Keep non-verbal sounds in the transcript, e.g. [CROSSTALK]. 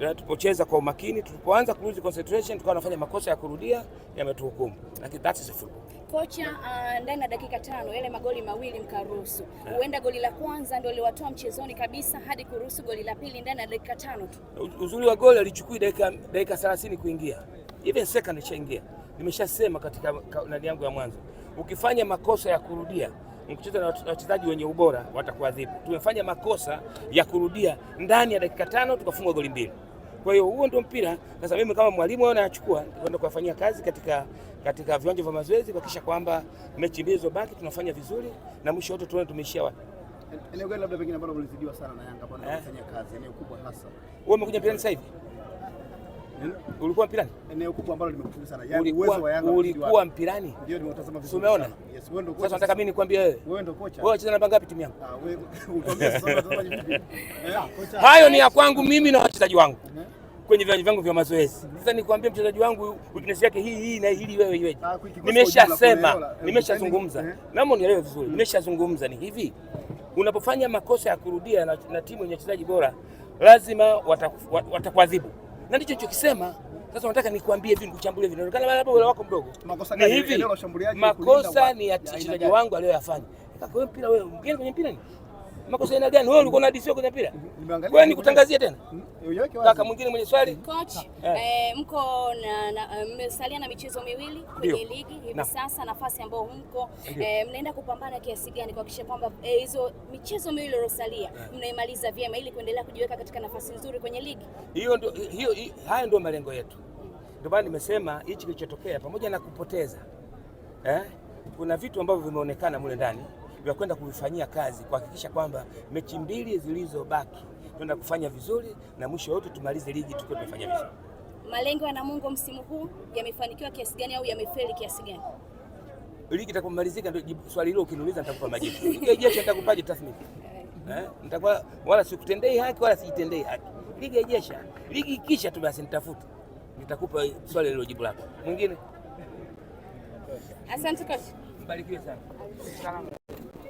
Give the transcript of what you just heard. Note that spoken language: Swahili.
na tulipocheza kwa umakini, tulipoanza kuruzi concentration, tukawa nafanya makosa ya kurudia yametuhukumu, lakini that is football. Kocha uh, ndani uh, ya dakika tano yale magoli mawili mkaruhusu, huenda goli la kwanza ndio liwatoa mchezoni kabisa hadi kuruhusu goli la pili ndani ya dakika tano tu. Uzuri wa goli alichukui dakika dakika 30 kuingia, even second ishaingia. Nimeshasema katika nani yangu ya mwanzo, ukifanya makosa ya kurudia mkicheza na wachezaji wenye ubora watakuadhibu. Tumefanya makosa ya kurudia ndani ya dakika tano, tukafungwa goli mbili. Kwa hiyo huo ndio mpira. Sasa mimi kama mwalimu nachukua kwenda kuwafanyia kazi katika, katika viwanja vya mazoezi kuhakikisha kwamba mechi mbili zilizobaki tunafanya vizuri na mwisho wote tuone tumeishia wapi. Eneo gani labda pengine ambalo mlizidiwa sana na Yanga bwana eh? kufanya kazi, eneo kubwa hasa. Wewe umekuja pia sasa hivi? Ulikuwa mpirani? Eneo kubwa ambalo limekufunga sana. Yaani uwezo wa Yanga ulikuwa mpirani? Ndio nimetazama vizuri. Umeona? Yes, wewe ndio kocha. Sasa nataka mimi nikwambie wewe. Wewe ndio kocha. Wewe unacheza namba ngapi timu yangu? Ah, wewe [LAUGHS] utambie sasa watazamaji vipi? [LAUGHS] Eh, Hayo ni ya kwangu mimi na wachezaji wangu. Eh? Kwenye viwanja vyangu vya mazoezi. Mm-hmm. Sasa nikwambie mchezaji wangu weakness yake hii hii na hili wewe iweje? Ah, Nimeshasema, nimeshazungumza. Eh? Naomba unielewe vizuri. Mm-hmm. Nimeshazungumza ni hivi. Unapofanya makosa ya kurudia na, na timu yenye wachezaji bora lazima watakuadhibu wata na ndicho chokisema. Sasa nataka nikuambie hivi, nikuchambulie vile. Kana baba wewe wako mdogo. Makosa ni hivi, makosa ni ya mchezaji wangu aliyoyafanya. Kaka wewe, mpira wewe, mgeni kwenye mpira ni makosa aina gani? Wewe ulikuwa DC kwenye mpira, wewe kutangazia tena kaka mwingine mwenye swali. Coach, eh, mko na eh, mmesalia na michezo miwili kwenye ligi hivi sasa, nafasi ambayo mko eh, mnaenda kupambana kiasi gani kuhakikisha kwamba eh, hizo michezo miwili iliyosalia eh. mnaimaliza vyema ili kuendelea kujiweka katika nafasi nzuri kwenye ligi hiyo? Ndio hiyo, hayo ndio malengo yetu. Ndio maana nimesema hichi kilichotokea pamoja na kupoteza eh, kuna vitu ambavyo vimeonekana mule ndani vya kwenda kuvifanyia kazi kuhakikisha kwamba mechi mbili zilizobaki tunaenda kufanya vizuri na mwisho wote tumalize ligi tukiwa tumefanya vizuri. Malengo ya Namungo msimu huu yamefanikiwa kiasi gani au yamefeli kiasi gani? Ligi itakapomalizika ndio swali hilo ukiniuliza nitakupa majibu. Ligi nitakupaje tathmini? [LAUGHS] Eh, nitakuwa wala sikutendei haki wala sijitendei haki. Ligi ijesha. Ligi ikisha tu basi nitafuta. Nitakupa swali hilo jibu lako. Mwingine? Asante coach. Mbarikiwe sana. Salamu.